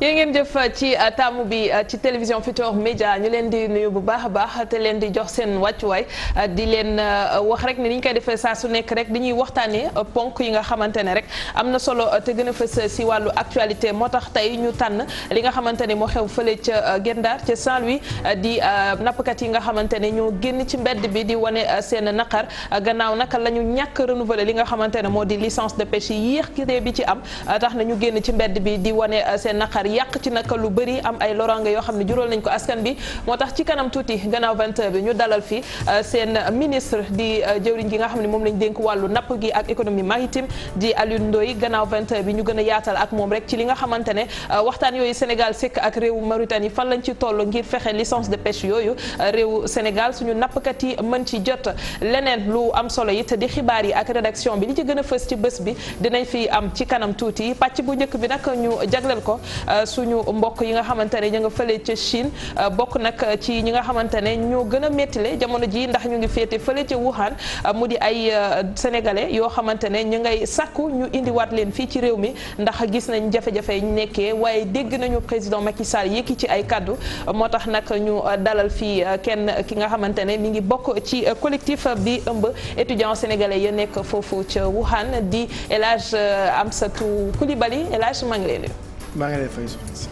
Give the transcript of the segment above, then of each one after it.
yéen ngeen jëf ci euh, taamu bi euh, ci télévision Futurs Médias ñu leen di nuyu bu baax a baax te leen di jox seen wàccuwaay euh, di leen wax rek ne ni ñu koy defee saa su nekk rek dañuy waxtaanee ponk yi nga xamante ne rek am na solo te gën a fës si wàllu actualité moo tax tey ñu tànn li nga xamante ne moo xew fële ca Gendar ca Saint-Louis di nappkat yi nga xamante ne ñoo génn ci mbedd bi di wane seen naqar gannaaw naka la ñu ñàkk renouveler li nga xamante ne moo di licence de pêche yi yéex bi ci am tax na ñu génn ci mbedd bi di wane seen naqar yàq ci naka lu bëri am ay lorange yoo xam ne jural nañ ko askan bi moo tax ci kanam tuuti gannaaw 20 bi ñu dalal fi euh, seen ministre di euh, jëwriñ gi nga xam ne moom lañ dénk wàllu napp gi ak économie maritime di Alioune Ndoye gannaaw 20 bi ñu gën a yaatal ak moom rek ci li nga xamante ne euh, waxtaan yooyu Sénégal sekk ak réewu Mauritanie fan lañ ci toll ngir fexe licence de pêche yooyu réew Sénégal suñu nappkat yi mën ci jot leneen lu am solo it di xibaar yi ak rédaction bi li ci gën a fës ci bés bi dinañ fi am ci kanam tuuti pàcc bu njëkk bi nag ñu jagleel ko suñu mbokk yi nga xamante ne ñu nga fële ca Chine euh, bokk nag euh, ci ñi nga xamante ne ñoo gën a méttile jamono ji ndax ñu ngi féete fële ca Wuhan euh, mu di ay sénégalais yoo xamante ne ñu ngay sàkku ñu indiwaat leen fii ci réew mi ndax gis nañ jafe-jafe ñu nekkee waaye dégg nañu président Macky Sall yëkki ci ay kàddu moo tax nag ñu dalal fii kenn ki nga xamante ne mi ngi bokk ci collectif bi ëmb étudiants sénégalais ya nekk foofu ca Wuhan di élage Hadj Amsatou Koulibaly El Hadj maa ngi lay nuyu maa ngi lay fay soxna si.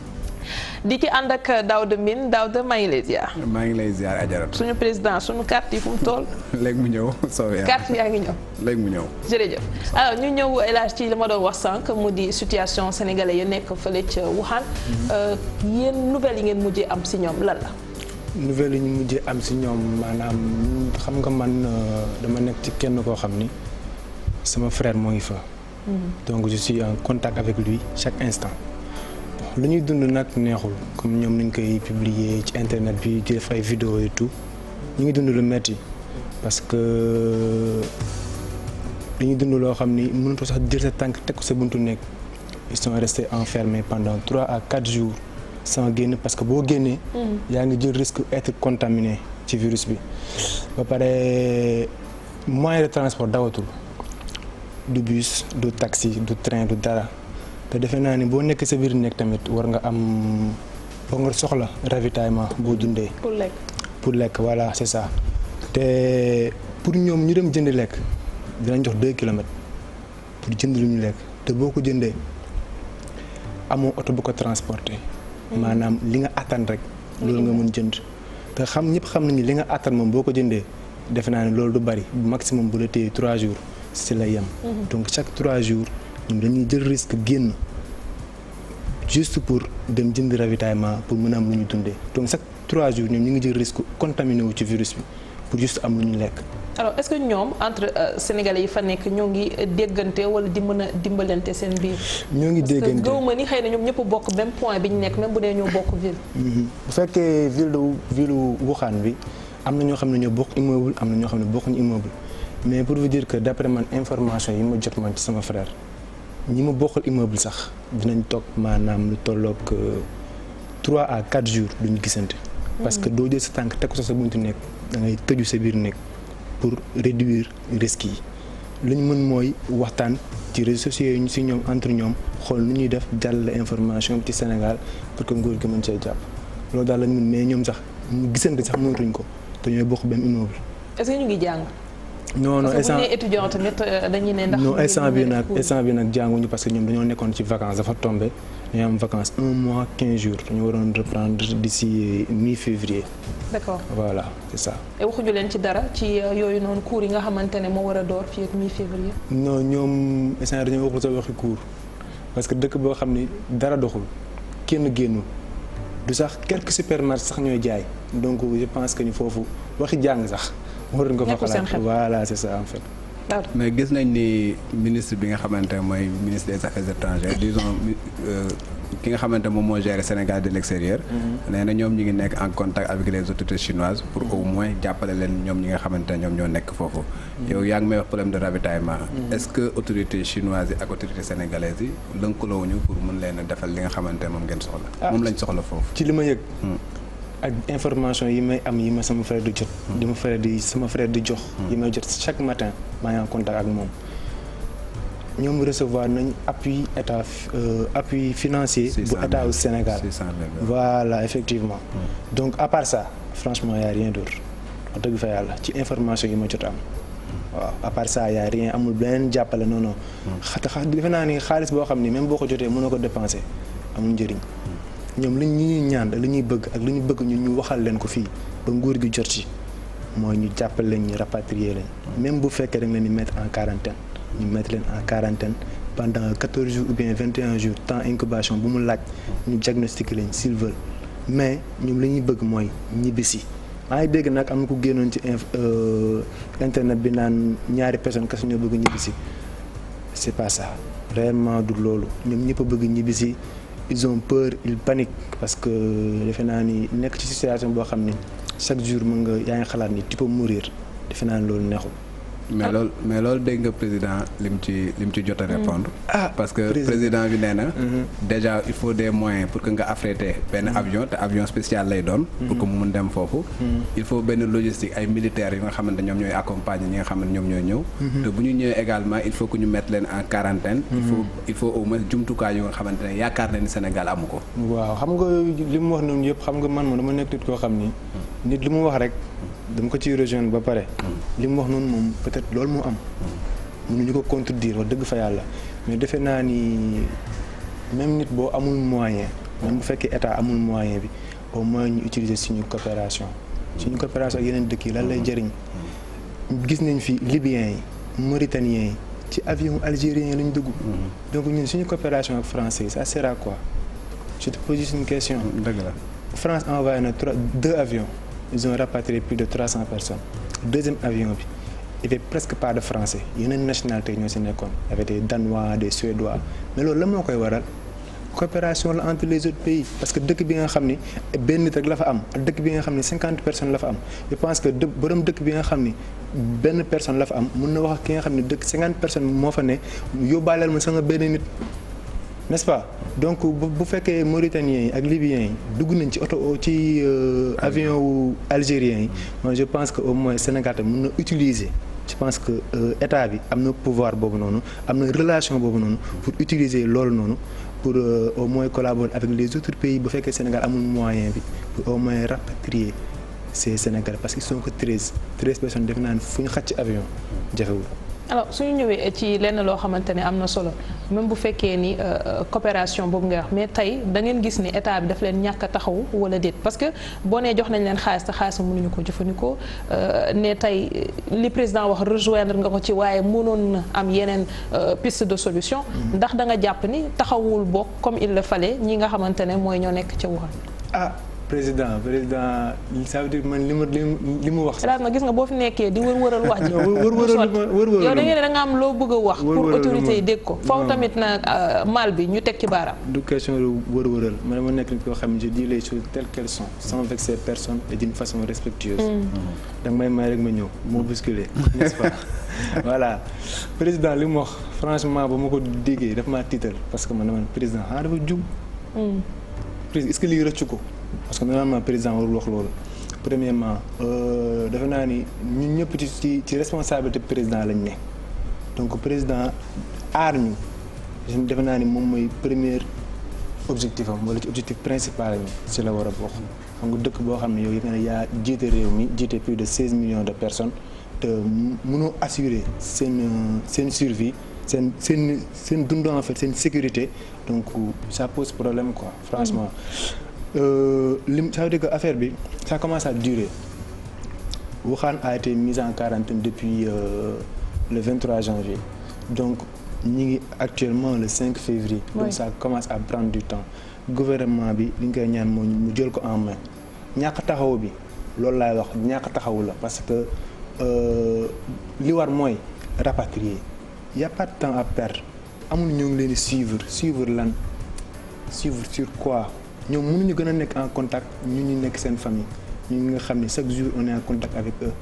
di ki ànd ak Daouda Mine Daouda maa ngi lay ziar. maa ngi lay ziar Ajaratu. suñu président suñu carte yi fu tool toll. léegi mu ñëw soobee carte yaa ngi ñëw. léegi mu ñëw. jërëjëf alors ñu ñëw elage ci li ma doon wax sànq mu di situation sénégalais yi nekk fële ca Wuhan. Mhm. Euh, yéen nouvelles yi ngeen mujjee am si ñoom lan la. nouvelles yi ñu mujjee am si ñoom maanaam xam nga man euh, dama nekk ci kenn koo xam ni sama frère moo ngi fa. Mhm. donc je suis en contact avec lui chaque instant. lu ñuy dund nag neexul comme ñoom ni koy publier ci internet bi di def ay vidéo tout ñu ngi dund lu metti parce que li ñuy dund loo xam ni mënatoo sax jël sa tànk teg ko sa buntu nekk ils sont restés enfermés pendant trois à quatre jours sans génn parce que boo génnee. Mm. yaa ngi jël risque être contaminé ci virus bi. ba pare moyen de transport dawatul du bus du taxi du train du dara. te defe naa ni boo nekk sa biir nekk tamit war nga am foog nga soxla ravitaillement boo dundee. pour lekk pour lekk voilà c'est ça. te pour ñoom ñu dem jënd lekk dinañ jox deux pour jënd lu ñu lekk te boo ko jëndee amoo oto bu ko transporter. Hmm. maanaam li nga attan rek. loolu nga mën jënd. te xam ñëpp xam nañu li nga attan moom boo ko jëndee defe naa ne loolu du bari maximum bu la téye trois jours si la yem. Hmm. donc chaque trois jours. ñoom dañuy jël risque génn juste pour dem jënd ravitaillement pour mën am lu ñu dundee ton chaque trois jours ñoom ñu ngi jël risque contaminé wu ci virus bi pour juste am lu ñu lekk. alors est-ce que ñoom entre euh, sénégalais yi fa nekk ñoo ngi déggante wala di mën a dimbalante seen biir. ñoo ngi déggante parce que gëwuma ni xëy na ñoom ñëpp bokk même point bi ñu nekk même bu dee ñoo bokk ville. Mm-hmm. bu fekkee ville de ville Wuhan bi am na ñoo xam ne ñoo bokk immeuble am na ñoo xam ne bokkuñu immeuble mais pour vous dire que man information yi ma jot man ci sama frère. ñi ma bokkal immeuble sax dinañ toog maanaam lu tolloog euh, trois à quatre jours duñu gisante. parce que hmm. doo jël sa tànk teg ko sa buntu nekk da ngay tëju sa biir nekk pour réduire risques yi lu ñu mën mooy waxtaan ci réseaux sociaux yi ñu si ñoom entre ñoom xool nu ñuy def jàll information ci Sénégal pour que nguur gi mën see jàpp loolu daal lañ mën mais ñoom sax mu gisante sax mënatuñ ko te ñooy bokk benn immeuble. est-ce ñu ngi jàng. non non instant parce euh, dañuy ne ndax. non instant bi nag instant bi nag jànguñu parce que ñoom dañoo nekkoon ci vacances dafa tombé ñu am vacances un mois quinze jours ñu waroon reprendre d'ici euh, mi février. voilà c'est ça. et leen ci dara ci euh, yooyu noonu cours yi nga xamante ne moo war a door fii ak mi février. non ñoom instant dañoo waxul sa waxi cours parce que dëkk boo xam ni dara doxul kenn génnu du sax quelque supermarchés sax ñooy jaay donc je pense que ñu foofu waxi jàng sax. waroon nga fa xalaat voilà mais gis nañ ni ministre bi nga xamante mooy ministre des affaires étrangères disons euh, ki nga xamante moom moo géré Sénégal de l'extérieur. Mm-hmm. nee na ñoom ñu ngi nekk en contact avec les autorités chinoises pour mm-hmm. au moins jàppale leen ñoom ñi nga xamante ñoom ñoo nekk foofu. Mm-hmm. yow yaa ngi may wax problème de ravitaillement. est-ce que autorités chinoises yi ak autorités sénégalaises yi lëkkaloo wuñu pour mën leen a defal li nga xamante moom ngeen soxla. Ah. moom lañ soxla foofu. ci li ak information yi may am yi ma sama frère di jot. di ma frère di sama frère di jox. yi may jot chaque matin maa ngi en contact ak moom. ñoom recevoir nañ appui état euh, appui financier. bu état au Sénégal voilà effectivement. Mm. donc à sa ça franchement y a rien d'autre wax dëgg fa yàlla ci information yi ma jot am. waaw à sa ça y a rien amul beneen jàppale non non. Mm. xata defe naa ni xaalis boo xam ni même boo ko jotee a ko dépenser amul njëriñ. Mm. ñoom li ñuy ñaan ak ñuy bëgg ak li ñu bëgg ñun ñu waxal leen ko fii nguur gi jot ci mooy ñu jàppale leen ñu rapatrier leen même bu fekkee dañ leen di mettre en quarantaine ñu mettre leen en quarantaine pendant quatorze jours ou bien vingt et un jours temps bu mu laaj ñu diagnostiqué leen s'ils mais ñoom li ñuy bëgg mooy ñibbisi maa ngi dégg nag am na ku génnoon ci euh, internet bi naan ñaari personne kese ñoo bëgg ñibbisi c'est pas ça réellement du loolu ñoom ñëpp a bëgg ñibbisi ils ont peur ils paniquent parce que defe naa ni nekk ci situation boo xam ni chaque jour mën nga yaa ngi xalaat ni tu peux mourir defe naa ni loolu neexul. mais loolu mais loolu dégg nga président lim ci lim ci jot a mm. répondre ah, parce que président bi nee na mm-hmm. déjà il faut des moyens pour que nga affréter benn mm-hmm. avion te avion spécial lay doon pour que mm-hmm. mu mun dem foofu il faut benn logistique ay militaires yu nga xamante ñoom ñooy accompagner ñi nga xam ñoom ñooy ñëw te bu ñu ñëwee également il faut que ñu mettre leen en quarantaine il faut au moins jumtukaay yu nga xamante ne yaakaar na ni Sénégal amu ko waaw xam nga li mu wax noonu yëpp xam nga man ma dama nekk nit koo xam ni nit lu mu wax rek dama ko ciy rejoindre ba pare. li mu wax noonu moom peut-être loolu moo am. ñu ko contredire wax dëgg fa yàlla mais defe naa ni même nit boo amul moyen. moom bu fekkee état amul moyen bi au moins ñu utiliser suñu coopération. suñu coopération ak yeneen dëkk yi lan lay jëriñ. gis nañ fi libyens yi mauritaniens yi ci avion algériens yi lañ dugg. donc ñun suñu coopération ak français yi ça sert quoi je te pose question. dëgg la France envoyé na trois deux avions. ils ont rapatrié plus de 300 personnes deuxième avion bi il y avait presque pas de français yeneen nationalité ñoo si nekkoon y avait des danois des suédois mais loolu la moo koy waral coopération la entre les autres pays parce que dëkk bi nga xam ni benn nit rek la fa am dëkk bi nga xam ni cinquante personnes la fa am je pense que borom dëkk bi nga xam ni benn personne la fa am mun na wax ki nga xam ni dëkk cinquante personnes moo fa ne yóbbaaleel ma sama benn nit n'est-ce pas donc bu fekkee Mauritaniens yi ak Libyens yi dugg nañ ci oto ci euh, avion wu algériens yi moi je pense que au moins Sénégal tam mën na utiliser je pense que euh, état bi am na pouvoir boobu noonu am na relation boobu noonu pour utiliser loolu noonu pour euh, au moins collaborer avec les autres pays bu fekkee Sénégal amul moyen bi pour au moins rapatrier ces Sénégalais parce qu'ils sont que treize treize personnes def naa ne fu ñu xàcc avion jafewul alors suñu ñëwee ci lenn loo xamante ne am na solo même bu fekkee ni euh, euh, coopération boobu nga wax mais tey da ngeen gis ni état bi daf leen ñàkk a taxaw wala déet parce que boo nee jox nañ leen xaalis te xaalis mënuñu ko jëfandikoo euh, ne tey li président wax rejoindre nga ko ci waaye mënoon na am yeneen piste de solution. ndax da nga jàpp ni taxawul bokk comme il la fallait ñi nga xamante ne mooy ñoo nekk ca Wuhan. Ah, président président sa veut man li ma li mu wax. daal ma gis nga boo fi nekkee di wër-wëral wax ji. wër-wëral wër yow da ngeen am loo bëgg wax. pour autorité yi dégg ko. foofu tamit na euh, mal bi ñu teg ci baaraam. du question de wër-wëral man ma nekk nit koo xam ne je dis les choses telles qu'elles sont sans vexer personne et d'une façon respectueuse. Mm. da may may ma ñëw moo bousculé n'est-ce pas voilà président li mu wax franchement ba ma ko déggee daf maa tiital parce que man man président ah dafa jub. est-ce que lii rëccu ko. parce que normalement président warul wax loolu premièrement euh, defe naa ni ñun ñëpp ci ci président lañ ne donc président aar ñu defe naa ni moom mooy première objectif am wala ci objectif principal am ci la war a bokk xam dëkk boo xam ne yow yi nga yaa jiite réew mi jiite plus de 16 millions de personnes te mënoo assurer seen seen survie seen seen seen dund en fait seen sécurité donc ça pose problème quoi franchement. Mm. Euh, lim ça veut dire que affaire bi ça commence à durer Wuhan a été mise en quarantaine depuis euh, le 23 janvier donc ñi ngi actuellement le 5 février. donc oui. ça commence à prendre du temps le bi li nga koy ñaan moo mu jël ko en main ñàkk taxaw bi loolu lay wax ñàkk taxawu la parce que euh, li war mooy rapatrier y' a pas temps à pert amul ñu ngi leen di suivre suivre lan suivre sur quoi. ñoom ñu gën a nekk en contact ñu ñu nekk seen famille ñu nga xam ne chaque jour on est en contact avec eux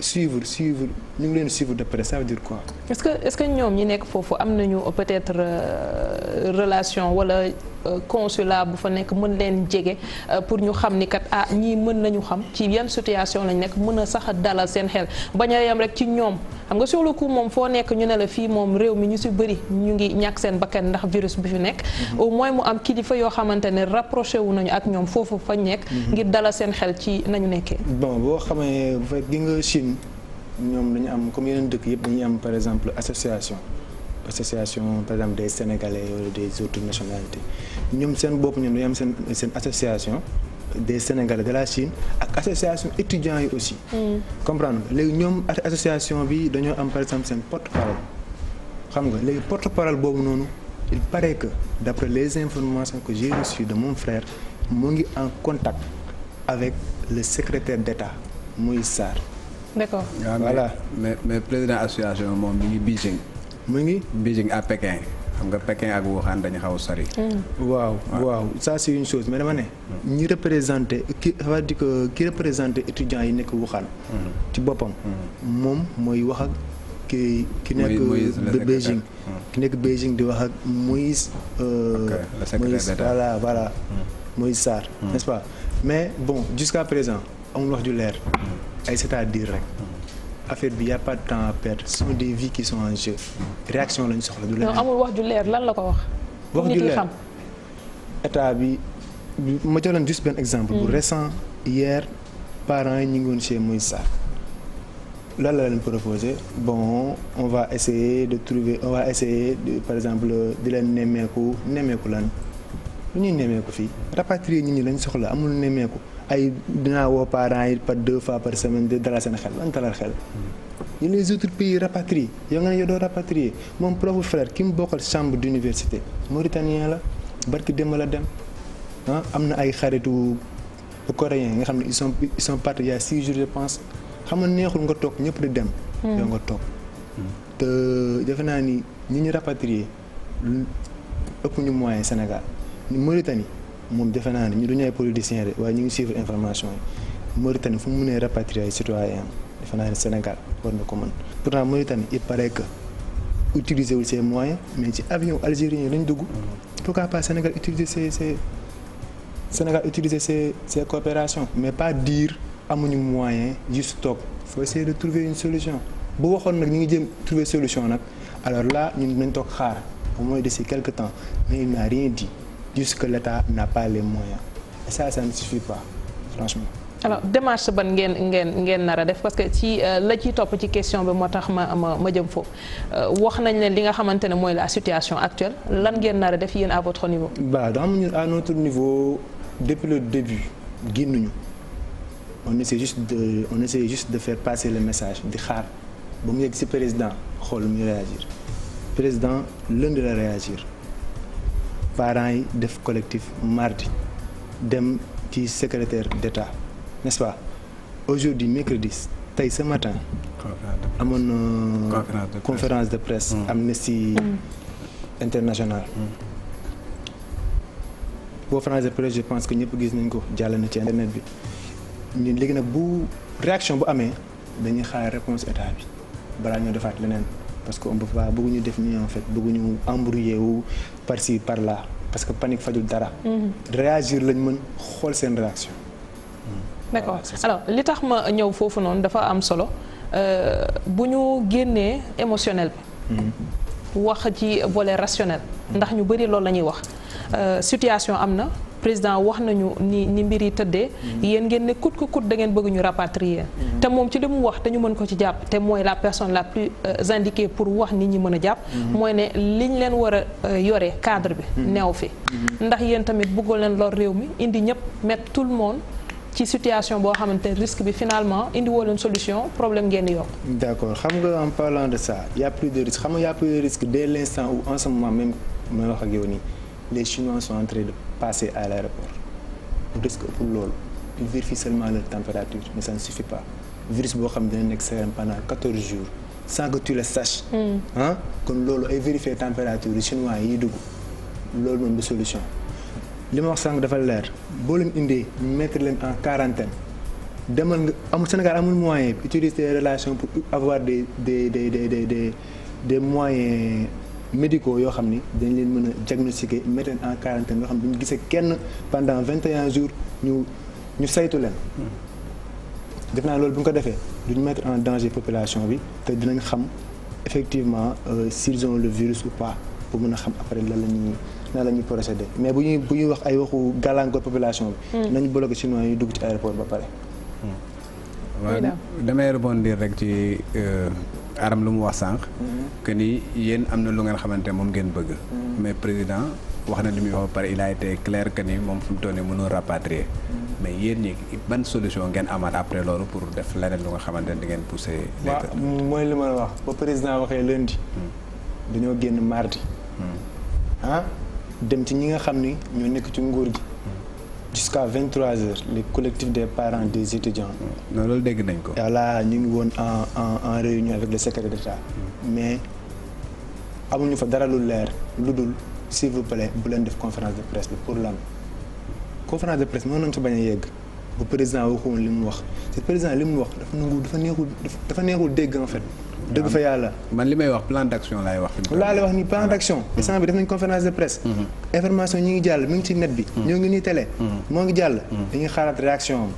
suivre suivre ñu ngi leen suivre de près ça dire quoi. est-ce que est-ce que ñoom ñi nekk foofu am nañu peut-être euh, relation wala. Euh, consulat bu fa nekk mën leen jege euh, pour ñu xam ni kat ah ñii mën nañu xam ci yan situation lañ nekk mën a sax a dalal seen xel bañ a rek ci ñoom xam nga sur le moom foo nekk ñu ne la fii moom réew mi ñu si bëri ñu ngi ñàkk seen bakkan ndax virus bi fi nekk mhm. au moins mu am kilifa yoo xamante ne rapproché wu nañu ak ñoom foofu fa nekk mhm. ngir dalal seen xel ci nañu nekkee bon boo xamee bu fekk gi nga Chine ñoom dañu am comme yeneen dëkk yëpp dañuy am par exemple association association par exemple des sénégalais wala des autres nationalités ñoom seen bopp ñoom dañoo am seen seen association des sénégalais de la Chine ak association étudiants yi aussi. Mm. comprendre léegi ñoom at association bi dañoo am par exemple seen porte parole xam nga léegi porte parole boobu noonu il paraît que d'après les informations que j'ai reçues de mon frère mu ngi en contact avec le secrétaire d'État Moïse Sarr. d'accord ah, voilà mais mais président association moom mi ngi mu ngi Beijing à Pékin xam nga Pékin ak Wuhan dañu xaw a sori. Hmm. waaw waaw ça c'est une chose mais dama ne. ñi représenté ki ça ko dire que ki représenté étudiants yi nekk Wuhan. Hmm. ci boppam. Hmm. moom mooy wax ak ki ki nekk Beijing. ki nekk Beijing di wax ak Moïse. Euh, ok le secrétaire d'État voilà voilà. Moïse Sarr. pas mais bon jusqu'à présent amul wax ju leer. ay c'est-à-dire rek. affaire bi y' a pas de temps à perdre ce des vies qui sont en jeu réaction la ñu soxla. du la amul wax ju leer lan la ko wax. wax ju leer état bi ma jox leen exemple. bu hmm. récent hier parents yi ñu ngi woon chez Moïse Sarr la proposé bon on de trouver on va par exemple di leen nemmeeku nemmeeku lan lu ñuy nemmeeku fii nit ñi lañ soxla amul nemmeeku. ay dinaa woo parents yi par deux fois par semaine di dalal seen xel lan dalal xel. ñu hmm. les autres pays rapatriés yow nga ne yow doo rapatrié moom profu frère ki mu bokkal chambre d'université mauritanien la barki démb la dem ah, am na ay xaritu coréen nga xam ne ils sont ils sont partis a six jours je xam neexul nga toog ñëpp di dem. Hmm. yow nga toog. Hmm. te defe naa ni ñi ñu rapatrié ëpp ñu moyen Sénégal Mauritanie. moom defe naa ne ñu duñu ay politiciens de waaye ñu ngi suivre information yi Mauritanie fu mu mënee rapatrier ay citoyens defe naa ne Sénégal war na ko mën pourtant Mauritanie il paraît que utiliser wul ses moyens mais ci avion algérien yi lañ dugg pourquoi pas Sénégal utiliser ses ses Sénégal utiliser ses ses coopérations mais pas dire amuñu moyen juste toog faut essayer solution bu waxoon nag ñu ngi jëm trouver solution nag alors là ñun nañ toog xaar au moins d'ici quelque temps mais il n'a rien dit disent que l'État n'a pas les moyens et ça ça ne suffit pas franchement. alors démarche ban ngeen ngeen ngeen nar def parce que ci euh, la ci topp ci question bi moo tax ma ma ma jëm foofu euh, wax nañ leen li nga xamante ne mooy la situation actuelle lan ngeen nar a def yéen à votre niveau. waaw daa ñun à notre niveau depuis le début génnuñu on essaie juste de on essaie juste de faire passer le message di xaar ba mu yegg si président xool mu réagir président lënd la réagir. parent yi def collectif mardi dem ci secrétaire d'État n'est-ce pas aujourd'hui mercredi tey ce matin amoon na conférence de presse mm. Amnesty mm. International conférence mm. de presse je pense que ñëpp gis nañ ko jàll na ci internet bi ñun léegi nag bu réaction bu amee dañuy xaar réponse état bi balaa ñoo defaat leneen parce que on bëgguñu def mi en fait bëgguñu embrouiller wu par ci par là parce que panique fajul dara. Mhm. réagir lañ mën xool seen réaction. Mhm. d'accord alors li tax ma ñëw foofu noonu dafa am solo euh, bu ñu génnee émotionnel bi. Mhm. wax ci volet rationnel. ndax ñu bari loolu la ñuy wax euh, situation am na. président wax nañu ni ni mbir yi tëddee. Mhm. yéen ngeen ne coûte ko coûte da ngeen bëgg ñu rapatrier. Mhm. te moom ci li mu wax dañu mën ko ci jàpp te mooy la personne la plus euh, indiquée pour wax nit ñi mën a jàpp. Mhm. mooy ne liñ leen war a euh, yore cadre bi. neew fi ndax yéen tamit bëggul leen lor réew mi indi ñëpp mettre tout le monde. ci situation boo xamante ne risque bi finalement indi woo leen solution problème ngeen di yokk. d'accord xam nga en parlant de ça y a plus de risque xam nga plus de risque dès l'instant où en ce moment même may wax ak yow nii les Chinois sont en passer à l'aéroport mu risque ëppul loolu il vérifie seulement leur température mais ça ne suffit pas le virus boo xam ne dina nekk sa yaram pendant quatorze jours sans que tu le saches hmm. kon loolu ay vérifier température yu chinois yi dugg loolu moom du solution li ma wax sànq dafa leer boo leen indee mettre leen en quarantaine demal nga amul Sénégal amul moyen utiliser des relations pour avoir des des des des des des moyens médicaux yoo xam ni dañ leen mën a diagnostiquer mettre en quarantaine nga xam duñu gisee kenn pendant vingt et un jours ñu ñu saytu leen. def naa loolu bu ñu ko defee duñu mettre en danger population bi te dinañ xam effectivement euh, s'ils ont le virus ou pas pour mën a xam après lan la ñuy nan la ñuy procéder mais bu ñuy bu ñuy wax ay waxu gàllankoor population bi. Hmm. nañu bloqué chinois yi dugg ci aéroport ba pare. waaw hmm. damay rebondir rek ci. Euh, aaram lu mu wax sànq. que ni yéen am na lu ngeen xamante moom ngeen bëgg. mais président wax na li muy wax ba pare il a été clair que ni moom fu mu toll nii mënul rapatrier. mais yéen ñi ban solution ngeen amaat après loolu pour def leneen lu nga xamante ne di ngeen poussé. waaw mooy li ma wax ba président waxee lundi. dañoo génn mardi. Hmm. ah dem ci ñi nga xam ni ñoo nekk ci nguur gi. jusqu'à 23h le collectif des parents des étudiants. non loolu dégg nañ ko. voilà ñu ngi woon en en en réunion avec le secrétaire d'État mais amuñu fa dara lu leer lu dul s'il vous plaît bu leen def conférence de presse bi pour lan. conférence de presse mën nañu fa bañ a yegg bu président waxoon li mu wax te président li mu wax dafa nangu dafa dafa neexul dégg en fait. dëgg fa yàlla. man li may wax plan d' action laay wax. laa lay wax ni plan d' action. Mm-hmm. instant bi def nañ conférence de presse. Mm-hmm. information ñi ngi jàll mi ngi ci net bi. Mm-hmm. ñoo ngi nii télé. moo ngi jàll. dañuy xaaraat réaction am.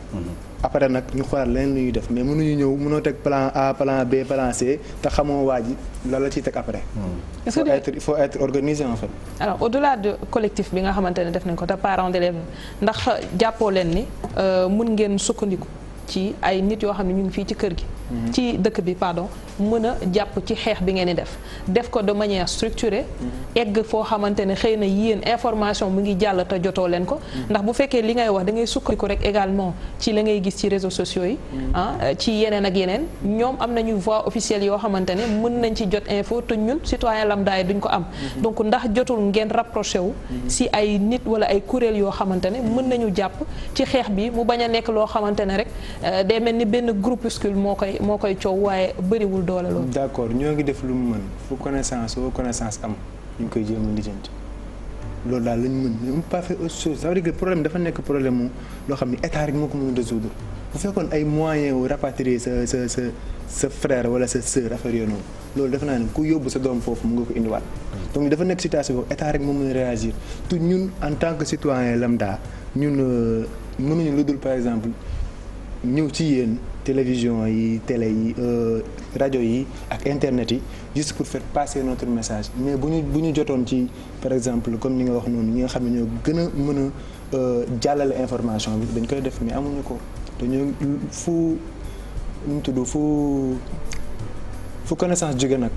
après nag ñu xoolaat leneen lu ñuy def mais mënuñu ñëw mënoo teg plan A plan B plan C te xamoo waa ji lan la ciy teg après. est ce que faut il faut être organisé en fait. au delà de collectif bi nga xamante ne def nañ ko te parents d'élèves ndax jàppoo leen ni euh, mun ngeen sukkandiku. ci ay nit yoo xam ne ñu ngi fii ci kër gi. Mhm. ci dëkk bi pardon mën a jàpp ci xeex bi ngeen di def def ko de manière structurée. Mhm. egg foo xamante ne xëy na yéen information mu ngi jàll te jotoo leen ko. Mhm. ndax bu fekkee li ngay wax da ngay rek également ci la ngay gis ci réseaux sociaux yi. ah ci yeneen ak yeneen ñoom am nañu voix officielle yoo xamante ne mën nañ ci jot info te ñun citoyen lambda yi duñ ko am. donc ndax jotul ngeen rapproché wu. si ay nit wala ay kuréel yoo xamante ne mën nañu jàpp ci xeex bi mu bañ a nekk loo xamante ne rek Euh, day mel ni benn groupuscule moo koy moo koy coow waaye bëriwul doole loolu. d'accord ñoo ngi def lu mu mën fu connaissance woo connaissance am ñu ngi koy jéem a lijjanti loolu daal lañ mën mais on pas fait autre chose ça veut dire que problème dafa nekk problème mu loo xam ne état rek moo ko mën a résoudre bu fekkoon ay moyens wu rapatrier sa sa sa sa frère wala sa sœur affaire yooyu noonu loolu defe naa ne ku yóbbu sa doom foofu mu nga ko indiwaat. donc dafa nekk situation boobu état rek moo mën a réagir te ñun en tant que citoyen lambda ñun euh, mënuñu lu dul par exemple. ñëw ci yéen télévision yi télé yi euh, rajo yi ak internet yi juste pour faire passer notre message mais bu ñu bu ñu jotoon ci par exemple comme ni nga wax noonu ñi nga xam ne ñoo gën a mën a euh, jàllale information bi dañ koy def mais amuñu ko dañoo fu ñu tudd fu fu connaissance jóge nag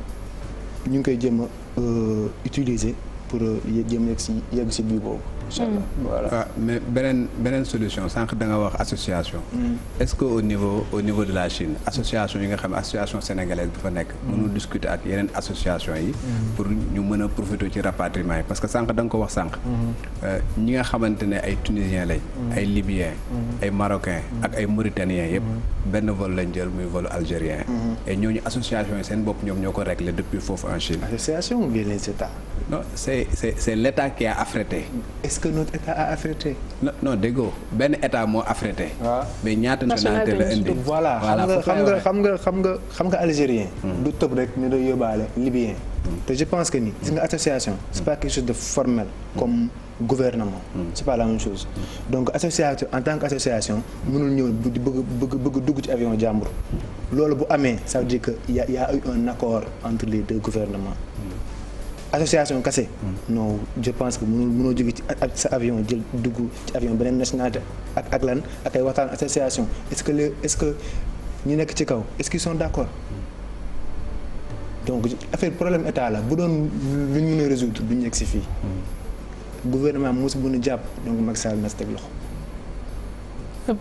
ñu ngi koy jéem a euh, utiliser pour jéem yegg si yegg si bii boobu. incha allah mm. ah, beneen beneen solution sànq da nga wax association. Mm. est-ce que au niveau au niveau de la Chine association yi nga xam ne association sénégalaise bi fa nekk. Mm. mënul discuter ak yeneen association yi. pour ñu mën a profiter ci rapatriement yi parce que sànq da nga ko wax sànq. Euh, ñi nga xamante ne ay tunisiens lay ay libyens. ay marocains ak ay mauritaniens yëpp. benn vol lañ jël muy vol algérien. et ñooñu association yi seen bopp ñoom ñoo ko réglé depuis foofu en Chine. association ou bien non c'est c'est c'est l'État qui a affrété. est-ce que notre État a affrété. non non déggoo benn État moo affrété. waaw ah. mais ñaata nationalité la indi. voilà xam nga xam nga xam nga xam nga algérien. Hmm. du tëb rek ñu doon yóbbaale libyen. Hmm. te je pense que ni gis nga association. c'est hmm. pas quelque chose de formel. comme gouvernement. c'est pas la même chose. donc association en tant qu'association. mënul ñëw di bëgg bëgg bëgg dugg ci avion jàmbur. loolu bu amee ça veut dire que y a y a eu un accord entre les deux gouvernements. association kase non je pense que mënul mënoo jóge ci ak sa avion jël dugg ci avion beneen nationalité ak ak lan ak ay waxtaan association est-ce que le ce que ñu nekk ci kaw est-ce qu'ils sont d'accord donc affaire problème état la bu doon lu ñu mën résoudre du ñu nekk si fii gouvernement mosu mën jàpp donc Macky Sall na si teg loxo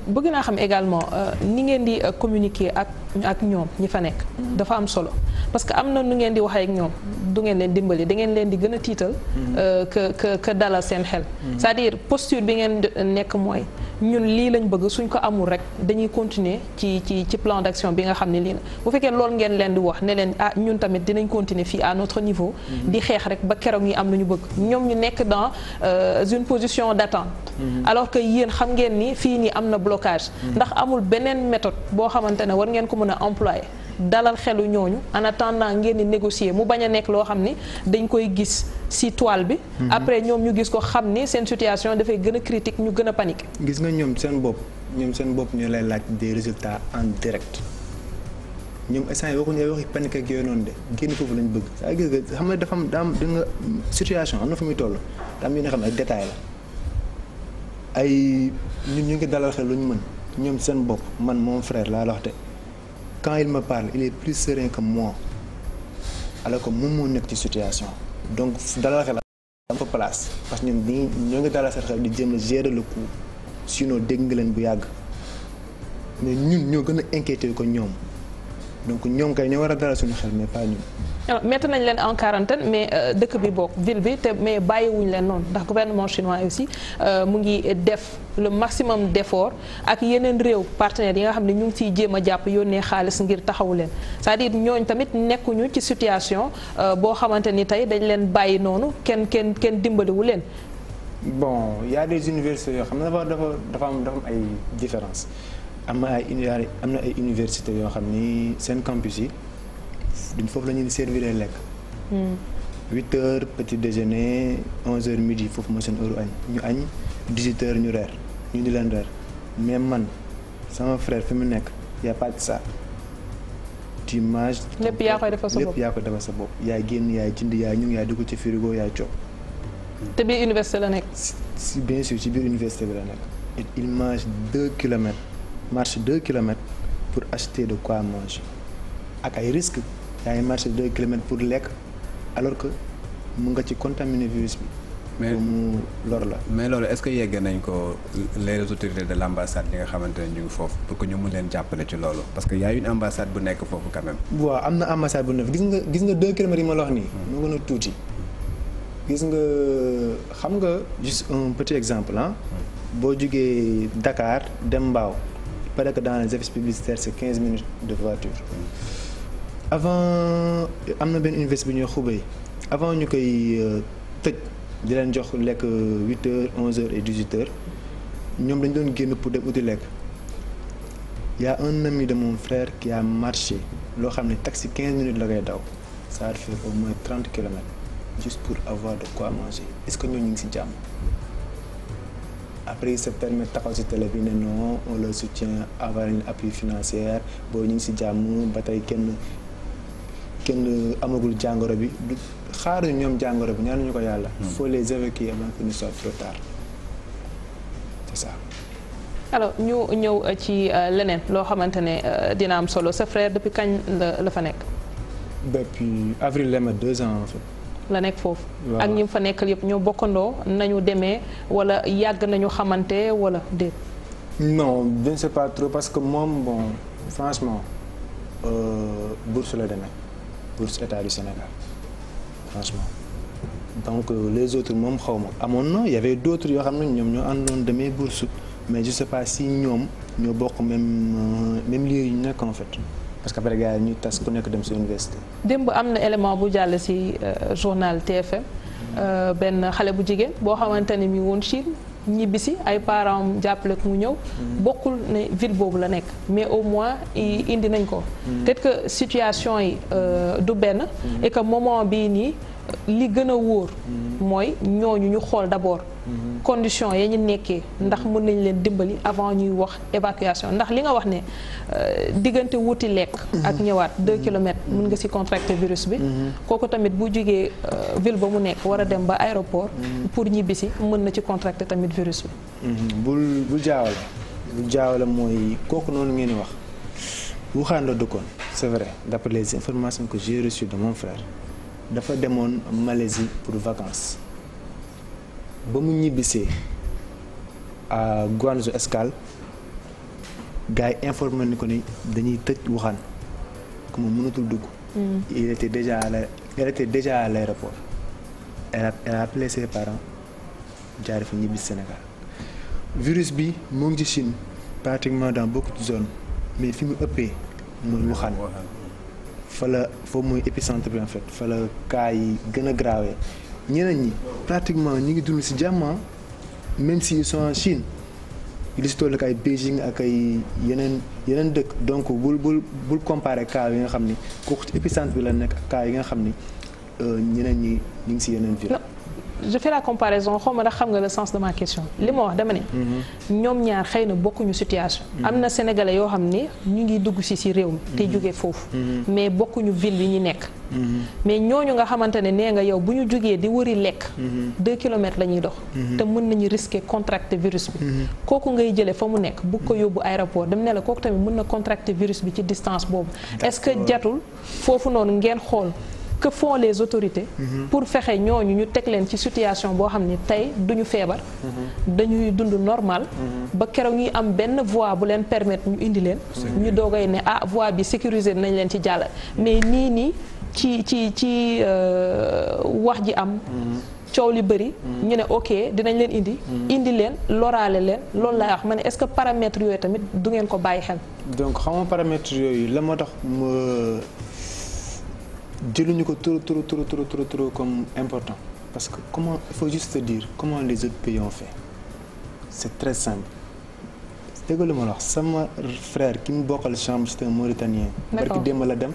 bëgg naa xam également euh, ni ngeen di euh, communiquer ak ak ñoom ñi fa nekk. dafa am solo parce que am na nu ngeen di waxee ak ñoom du ngeen leen dimbali da ngeen leen di gën a tiital. Euh, que que que dalal seen xel. c'est-à-dire posture bi ngeen nekk mooy ñun lii lañ bëgg suñ ko amul rek dañuy continuer ci ci ci plan d'action bi nga xam ne lii la bu fekkee loolu ngeen leen di wax ne leen ah ñun tamit dinañ continuer fii à notre di xeex rek ba keroog ñu am lu ñu bëgg ñoom ñu nekk dans euh, une position d'attente. alors que yéen xam ngeen ni fii nii am na blocage. ndax amul beneen méthode boo xamante ne war ngeen ko mën a employé dalal xelu ñooñu en attendant ngeen di négocier mu bañ a nekk loo xam ni dañ koy gis ci toile bi. Mhm. après ñoom ñu gis ko xam ni seen situation dafay gën a critique ñu gën a panique. gis nga ñoom seen bopp ñoom seen bopp ñu lay laaj des résultats en direct ñoom instant yii waxuñu waxi panique ak yooyu noonu de génn foofu lañ bëgg. saa gis xam nga dafa am da nga situation na fu muy toll am yu xam ne ay détails ñu ngi dalal lu ñu mën ñoom seen bopp man moom frère laa la wax quand il me parle il est plus serein que moi alors que moom moo nekk ci situation donc dalal xel am fa place parce que ñun dañuy ñoo ngi dalal seen xel di jéem a gérer le dégg nga leen bu yàgg mais ñun ñoo gën a inquiété ko ñoom donc ñoom kay ñoo war a dalal suñu xel mais pas ñun. Ah, mettre nañ leen en quarantaine mais euh, dëkk bi bokk ville bi te mais bàyyiwuñ leen noonu ndax gouvernement chinois aussi euh, mu ngi def le maximum defoor ak yeneen réew partenaires yi nga xam ne ñu ngi ciy jéem a jàpp yoon yónnee xaalis ngir taxawu leen c'est-à-dire ñooñ tamit nekkuñu ci situation euh, boo xamante ni tey dañ leen bàyyi noonu kenn kenn kenn dimbaliwu leen bon y a des universités yoo xam ne dafa dafa dafa am dafa ay différence am na ay am na ay universités yoo xam ni seen campus duñ foofu la ñuy servir lekk. 8 hmm. heures petit déjeuner 11 heures midi foofu mooy seen heure añ ñu añ 18 ñu reer ñu di leen reer mais man sama frère fi mu nekk y' a pas de ça. yaa koy defal sa bopp lépp yaa koy defal sa bopp. yaay génn yaay jënd yaay ñu yaay dugg ci frigo yaay coow. te biir université la nekk. si bien sûr ci biir université bi la nekk. et il mange 2 kilomètres marche 2 kilomètres pour acheter de quoi mage ak ay risques. yaa ngi marché deux kilomètres pour lekk alors que mun nga ci contaminer virus bi. mais mu lor la. mais loolu est-ce que yegg nañ ko le autorités de l'ambassade yi nga xamante ne ñu ngi foofu pour que ñu mun leen jàppale ci loolu parce que y a une bu nekk foofu quand même. waaw am na ambassade bu nekk gis nga gis nga hmm. a tuuti. gis nga xam nga juste un petit exemple ah. boo jugee dakaar dem Mbao il que dans les services publicitaires c'est quinze minutes de voiture. Hmm. avant am na benn université bu ñuy xubay avant ñu koy euh, tëj di leen jox lekk huit heures onze heures et dix ñoom dañ doon génn pour dem uti lekk y a un ami de mon frère qui a marché loo xam ne taxi quinze minutes la koy daw ça a fait au moins trente juste pour avoir de quoi manger est-ce que ñoo ñu ngi ci jàmm après il se permet taxaw ci télé bi ne non on le soutient appui financière boo ñu ngi ci jàmm ba tey kenn kenn amagul jàngoro bi du ñoom jàngoro bi ñaanuñu ko yàlla. Hmm. faut les évacuer avant que ñëw euh, ci euh, leneen loo xamante ne euh, dina am solo sa frère depuis kañ la fa nekk. depuis avril la ma deux ans la nekk foofu. ak ñi fa nekkal yëpp ñoo bokkandoo nañu demee wala yàgg nañu xamante wala déet. non je ne pas trop parce que moom bon franchement bourse la demee. pour état du Sénégal franchement donc les autres moom xaw ma amoon na y avait d'autres yoo xam ne ñoom ñoo àndoon demee bourse mais je sais pas si ñoom ñoo bokk même euh, même lieu yu ñu nekk en parce que après gars yi ñu tas ku nekk dem si université. démb am na élément bu jàll si euh, journal TFM euh, benn xale bu jigéen boo xamante ni mi woon Chine. ñibbisi ay parents am jàppale mu ñëw. Mm-hmm. bokkul ne ville boobu la nekk mais au moins indi nañ ko. Mm-hmm. peut que situation yi euh, du benn. Mm-hmm. et que moment bii nii. li gën a wóor mm-hmm. mooy ñooñu ñu xool d'abord mm-hmm. condition ya ñu nekkee mm-hmm. ndax mën nañ leen dimbali avant ñuy wax évacuation ndax li nga wax ne euh, diggante wuti lekk ak ñëwaat deux kilomètres mun nga ci contracter virus bi kooku tamit bu jógee euh, ville ba mu nekk war a dem ba aéroport pour ñibbisi mën na ci contracter tamit virus bi bul bul jaawale bul mooy kooku noonu ngeen wax Wuhan la dëkkoon c'est vrai d'après les information que j'ai reçues de mon frère dafa demoon Malaisie pour vacances ba mu ñibbisee à Guangzhou Escale gars yi informé nañu ko ni dañuy tëj Wuhan que mu mënatul dugg. Mm. il était déjà à la déjà à l'aéroport elle a elle a appelé Sénégal virus bi mu ngi ci Chine pratiquement dans beaucoup de mais fi mu ëppee mooy Wuhan. fa la fa muy épicentre bi en fait fa la cas yi gën a graawee ñeneen ñi pratiquement ñi ngi dund si jàmma ah, même si ils sont Chine li si toll ak ay Beijing ak ay yeneen yeneen dëkk donc bul bul bul comparer cas yi nga xam ni kooku ci épicentre bi la nekk ak yi nga xam ni euh, ñeneen ñi ñu ngi si yeneen ville je fais la comparaison xaw ma ndax xam nga le sens de ma li ma wax dama ne. Mhm. ñoom ñaar xëy na bokkuñu situation. Mhm. am na sénégalais yoo xam ni ñu ngi dugg si si réew mi. te mhm. jóge foofu. mais bokkuñu ville bi ñu nekk. mais ñooñu nga xamante ne nee nga yow bu ñu jógee di wëri lekk. 2 kilomètres la ñuy dox. te mën nañu risquer contracter virus bi. kooku ngay jëlee fa mu nekk bugg ko yóbbu aéroport dem ne la kooku tamit mën na contracter virus bi ci distance boobu. est-ce que jatul foofu noonu ngeen xool. que font les autorités mhm. pour fexe ñooñu ñu teg leen ci situation boo xam ni tey du ñu feebar mhm. dañuy dund normal mhm. ba keroog ñuy am benn voie bu leen permettre ñu indi leen ñu doogay ne ah voie bi sécuriser nañ leen ci jàll mais nii nii ci ci ci euh, wax ji am coow li bëri ñu ne ok dinañ leen indi indi leen loraale leen loolu laay wax ma ne est-ce que paramètres yooyu tamit du ngeen ko bàyyi xel donc xam nga yooyu la moo tax jëluñu ko trop trop trop trop trop trop comme important parce que comment il faut juste te dire comment les autres pays ont fait c'est très simple dégg lu la sama frère ki mu bokkal chambre c'est un Mauritanien. barki démb la dem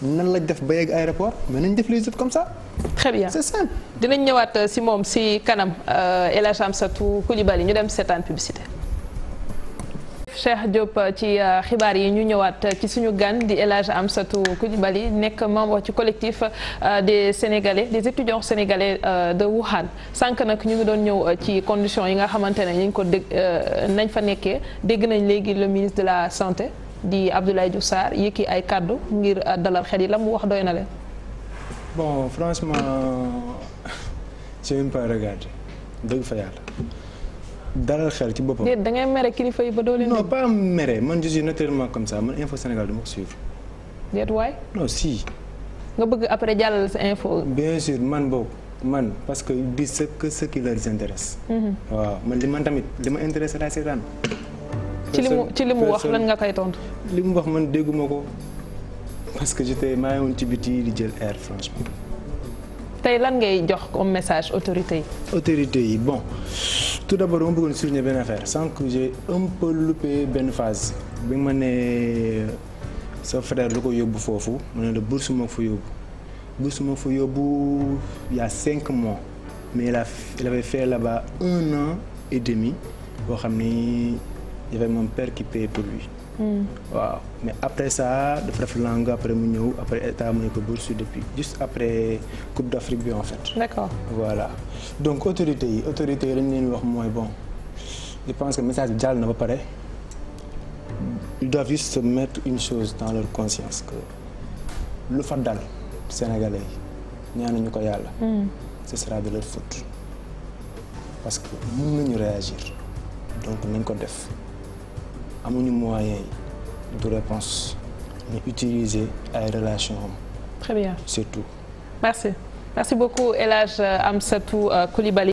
nan lañ def ba yegg aéroport mais nañ def les autres comme ça. très bien dinañ ñëwaat euh, si moom si kanam euh, El Hadj Amsatou yi ñu dem seetaan publicité. Cheikh Diop euh, ci euh, xibaar yi ñu ñëwaat euh, ci suñu gan di El Hadj Amsatou Coulibaly nekk membre ci collectif de sénégalais des étudiants sénégalais de Wuhan sànq nag ñu ngi doon ñëw ci conditions yi nga xamante ne ñu ko dégg nañ fa nekkee dégg nañ léegi le ministre de la santé di Abdoulaye Diouf yi yëkki ay kàddu ngir dalal xel yi la mu wax doy na leen. bon franchement c'est même pas regardé dëgg fa yàlla. dalal xel ci boppam. da ngay mere kilifa yi ba doo leen non pas mere man je suis naturellement comme ça man info Sénégal du ma ko suivre. déet waay. non si. nga bëgg après jàllale sa info. bien sûr man boobu man parce que di ce que ce qui leur intéresse. Mhm. waaw man li man tamit li ma intéressé laa seetaan. ci li mu ci li mu wax lan nga koy tontu. li mu wax man dégguma ko parce que j'étais maa ngi ci biti di jël air franchement. tey lan ngay jox comme message autorité yi. autorité yi bon tout d'abord dama bëggoon souligner benn affaire sans que j'ai un peu loupé benn phase bi ma nee euh, sa du ko yóbbu foofu ma ne la bourse moo fa yóbbu bourse moo fa yóbbu il cinq mois mais la a il ba fait un an et demi boo xam ni il y avait mon qui payait pour lui. waaw mais après ça dafa def langue après mu ñëw après état mu ne ko bourse depuis juste après coupe d'Afrique bi en fait. d'accord voilà donc autorité yi autorité yi dañ leen wax mooy bon je pense que message bi jàll na ba pare ils doivent juste se mettre une chose dans leur conscience que lu fa dal sénégalais yi ñaanuñu ko yàlla. Hmm. ce sera de leur faute parce que mën nañu réagir donc nañ ko def. amuñu moyen de réponse ñu utiliser relation am. très bien c'est tout. merci merci beaucoup El Hadj Amsatou Coulibaly. Euh,